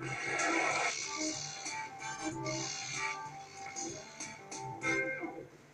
thank you